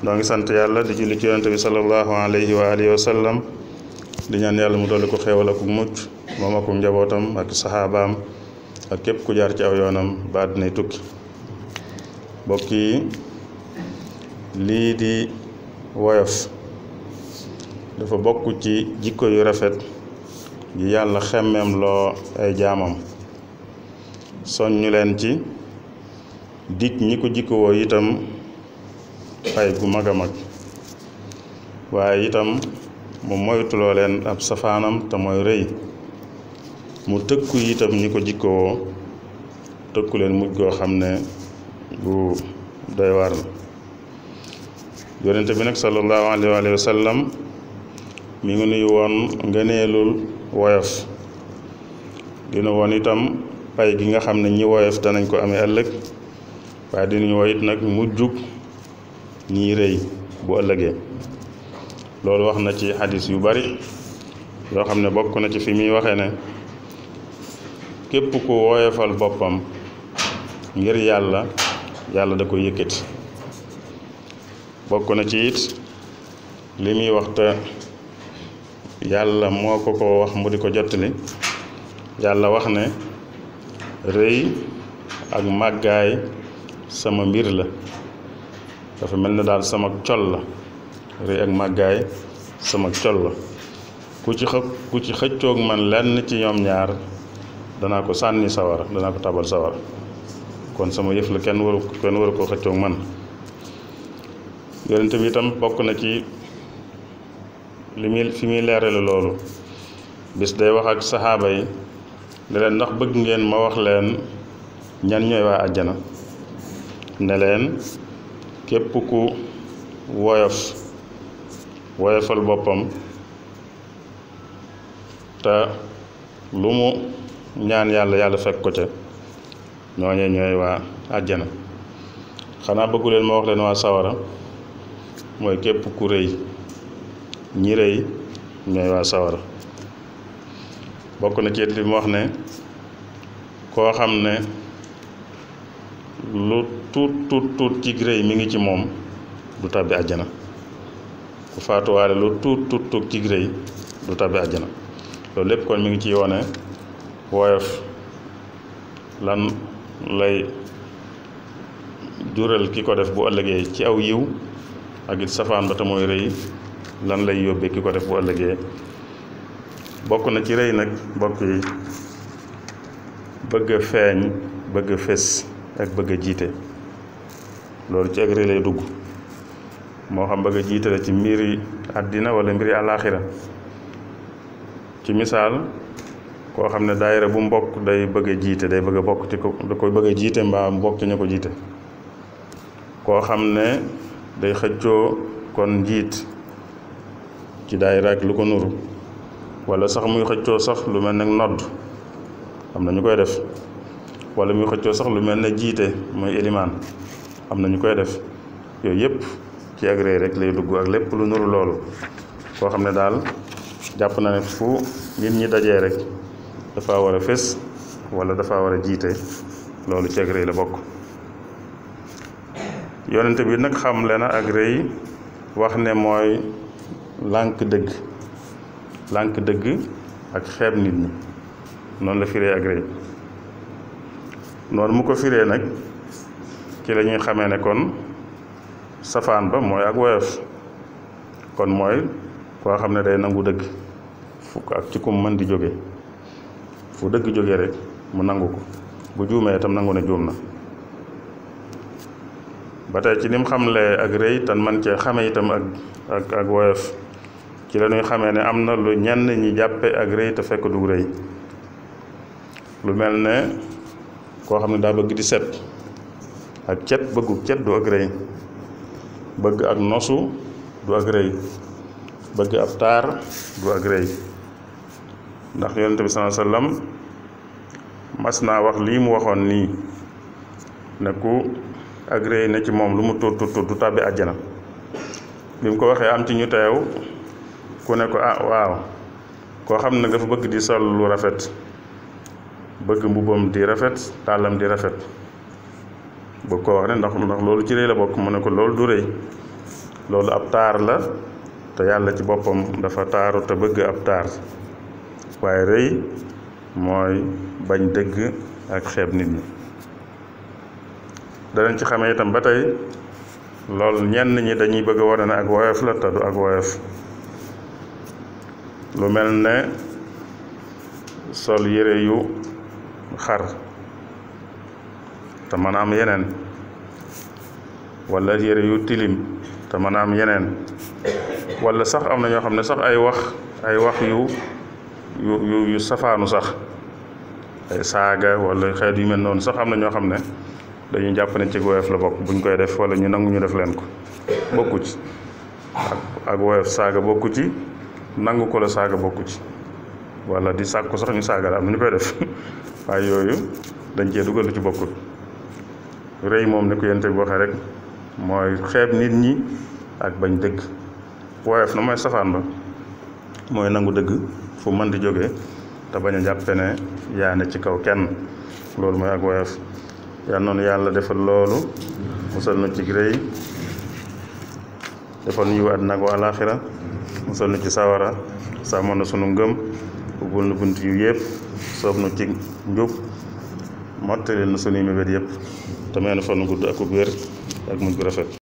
noo sante yalla di julli ci bi sallallahu alayhi wa alihi wa sallam di ñaan yalla mu dolli ko xewal ak mucc moom ak njabotam ak sahabaam ak kep ku jaar ci aw yoonam baad ne tukki bokki li di woyof dafa bokk ci jikko yu rafet yi yalla xemem lo ay jaamam soññu len ci dik ñi ko wo itam fay gu maga mag waaye itam mu moytuloo leen ab safaanam te mooy rëy mu tëkku itam ñi ko jikkoo tëkku leen mujj goo xam ne gu doy war la yonente bi nag salallahu alayhi waalihi wa sallam mi ngi nuyu woon ngëneelul woyof dina woon itam pay gi nga xam ne ñi woyof danañ ko amee ëllëg waaye dinañ woo it nag mujjug ñiy rëy bu ëllëgee loolu wax na ci xadis yu bari yoo xam ne bokk na ci fi muy waxe ne képp ku woyofal boppam ngir yàlla yàlla da ko yëkkati bokk na ci it li muy wax te yàlla moo ko ko wax mu di ko jottali yàlla wax ne rëy ak màggaay sama mbir la dafa mel na daal sama col la rëy ak màggaay sama col la ku ci xë ci xëccoog man lenn ci ñoom ñaar danaa ko sànni sawara danaa ko tabal sawara kon sama yëf la kenn waru kenn waru koo xëccoog man yonent bi itam bokk na ci li muy fi muy leerale loolu bis day wax ak saxaaba yi ne leen ndax bëgg ngeen ma wax leen ñan ñooy waa àjjana ne leen képp ku woyof woyofal boppam te lu mu ñaan yàlla yàlla fekk ko ca ñooñee ñooy waa àjjana xanaa bëggu leen ma wax leen waa sawara mooy képp ku rëy ñi rëy ñooy waa sawara bokk na ci li mu wax ne koo xam ne lu tuut tuut tuut ci rëy mi ngi ci moom du tàbbi àjjana ku faatuwaale lu tuut tuut tuut ci rëy du tàbbi àjjana loolu lépp kon mi ngi ci yoone woyof lan lay jural ki ko def bu ëllëgee ci aw yiw ak it safaan ba te mooy lan lay yóbbee ki ko def bu ëllëgee bokk na ci rëy nag bokk yi feeñ bëgg a ak bëgg jiite loolu ci ak ré lay dugg moo xam bëgg a jiite la ci mbiri àddina wala mbiri àllaaxira ci misaal koo xam ne daayira bu mbokk day bëgg a jiite day bëgg bokk ci ko da koy bëgg a jiite mbaa mbokk ci ñu ko jiite koo xam ne day xëccoo kon jiit ci daayira ak lu ko nuru wala sax muy xëccoo sax lu mel ne nodd xam na ñu koy def wala muy xëccoo sax lu mel ne jiite mooy élimaan am na ñu koy def yooyu yëpp ci agré rek lay dugg ak lépp lu nuru loolu koo xam ne daal jàpp na ne fu nit ñi dajee rek dafa war a fés wala dafa war a jiite loolu ci agré la bokk yonente bi nag xam le na agré wax ne mooy lànk dëgg lànk dëgg ak xeeb nit ñi noonu la firee agré noonu mu ko firee nag ci la ñuy xamee ne kon safaan ba mooy ak woyof kon mooy koo xam ne day nangu dëgg fukk ak ci kum mën di jóge fu dëgg jóge rek mu nangu ko bu juumee itam nangu ne juum na ba tey ci lim xamle ak rëy tan man cee xame itam ak ak ak woyof ci la ñuy xamee ne am na lu ñenn ñi jàppe ak rëy te fekk du rëy lu mel ne koo xam ne daa bëgg di set ak cet bëggu cet du ak rëy bëgg ak nosu du ak rëy bëgg ab taar du ak rëy ndax yonente bi salaa mas naa wax lii mu waxoon nii ne ku ak rëy ne ci moom lu mu tur tur du tàbbi àjjana bi mu ko waxee am ci ñu teew ku ne ko ah waaw koo xam ne dafa bëgg di sol lu rafet bëgg mbubbam di rafet tàllam di rafet bëgg ko wax ne ndax ndax loolu ci rëy la bokk mu ne ko loolu du rëy loolu ab taar la te yàlla ci boppam dafa taaru te bëgg ab taar waaye rëy mooy bañ dëgg ak xeeb nit ñi danañ ci xamee itam ba tey loolu ñenn ñi dañuy bëgg a wane ak woyof la te ak woyof lu mel ne sol yére yu xar te mën a am yeneen walla yére yu tilim te mën a am yeneen walla sax am na ñoo xam ne sax ay wax ay wax yu yu yu safaanu sax ay saaga wala xeet yu mel noonu sax am na ñoo xam ne dañuy jàpp ne ci woyof la bokk buñ koy def wala ñu nangu ñu def leen ko bokku ci ak ak woyof saaga bokku ci nangu ko la saaga bokku ci wala di sàkku sax ñu saaga la am na ñu koy def waaye yooyu dañ cee dugal lu ci bokkul rëy moom ni ko yente bi waxee rek mooy xeeb nit ñi ak bañ dëgg woyof na mooy safaan ba mooy nangu dëgg fu mën di jógee te bañ a jàppe ne yaa ne ci kaw kenn loolu mooy ak woyof yaa noonu yàlla defal loolu musal na ci rëy defal nu yiw àddina ak alaaxira musal nu ci sawara sàmmoon na sunu ngëm ubbul nu bunt yu yëpp soob nu ci njub mottali nu sunuy mébét yëpp te may nu fan gudd ak wér ak mujj bu rafet